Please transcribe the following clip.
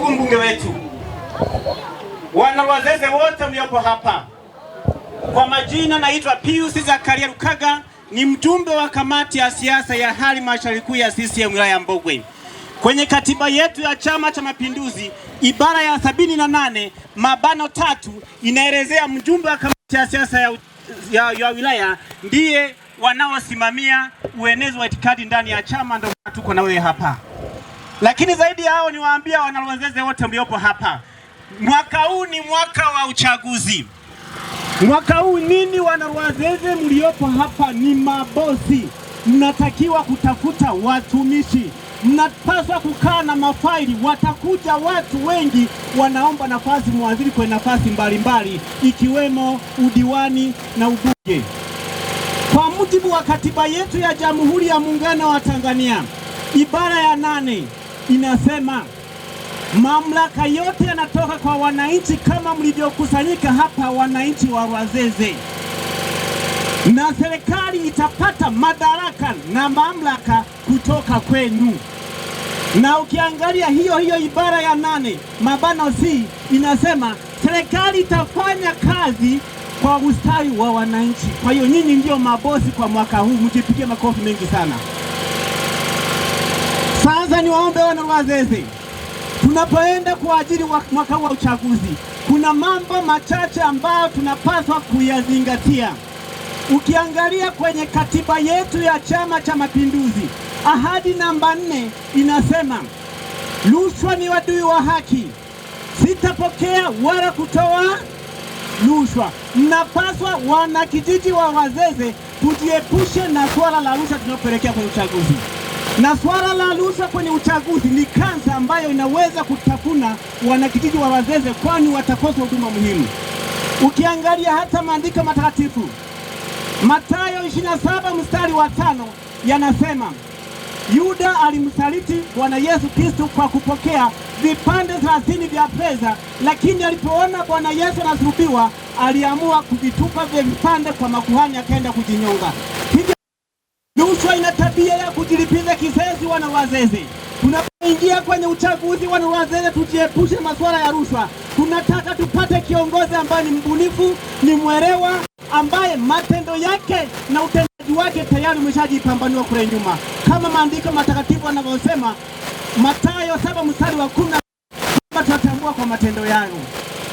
Ndugu mbunge wetu, wana wazeze wote mliopo hapa, kwa majina naitwa Pius Zakaria Lukaga, ni mjumbe wa kamati ya siasa ya halmashauri kuu ya CCM wilaya ya Mbogwe. Kwenye katiba yetu ya Chama cha Mapinduzi ibara ya sabini na nane mabano tatu inaelezea mjumbe wa kamati ya siasa ya, ya, ya wilaya ndiye wanaosimamia uenezi wa itikadi ndani ya chama. Ndio tuko na wewe hapa. Lakini zaidi ya hao niwaambia wanalowezeze wote mliopo hapa, mwaka huu ni mwaka wa uchaguzi. Mwaka huu nini, wanalowezeze mliopo hapa ni mabosi, mnatakiwa kutafuta watumishi, mnapaswa kukaa na mafaili. Watakuja watu wengi wanaomba nafasi, mwadhiri kwenye nafasi mbalimbali ikiwemo udiwani na ubunge. Kwa mujibu wa katiba yetu ya Jamhuri ya Muungano wa Tanzania ibara ya nane inasema mamlaka yote yanatoka kwa wananchi, kama mlivyokusanyika hapa wananchi wa Rwazeze, na serikali itapata madaraka na mamlaka kutoka kwenu. Na ukiangalia hiyo hiyo ibara ya nane mabano C inasema serikali itafanya kazi kwa ustawi wa wananchi. Kwa hiyo nyinyi ndiyo mabosi kwa mwaka huu, mjipige makofi mengi sana. Kwanza niwaombe wana wazezi, tunapoenda kwa ajili wa mwaka wa uchaguzi, kuna mambo machache ambayo tunapaswa kuyazingatia. Ukiangalia kwenye katiba yetu ya Chama cha Mapinduzi, ahadi namba nne inasema rushwa ni wadui wa haki, sitapokea wala kutoa rushwa. Mnapaswa wanakijiji wa wazeze tujiepushe na swala la rushwa tunapoelekea kwenye uchaguzi na swala la rushwa kwenye uchaguzi ni kansa ambayo inaweza kutafuna wanakijiji wa Wazeze, kwani watakosa huduma muhimu. Ukiangalia hata maandiko matakatifu Mathayo 27 mstari wa tano yanasema Yuda alimsaliti Bwana Yesu Kristo kwa kupokea vipande thelathini vya fedha, lakini alipoona Bwana Yesu anasulubiwa aliamua kuvitupa vya vipande kwa makuhani, akaenda kujinyonga rushwa ina tabia ya kujilipiza kizazi, Wana wazazi. tunapoingia kwenye uchaguzi, wana Wazeze, tujiepushe masuala ya rushwa. Tunataka tupate kiongozi ambaye ni mbunifu, ni mwerewa, ambaye matendo yake na utendaji wake tayari umeshajipambanua kule nyuma, kama maandiko matakatifu yanavyosema, Mathayo saba mstari wa kumi, tunatambua kwa matendo yao.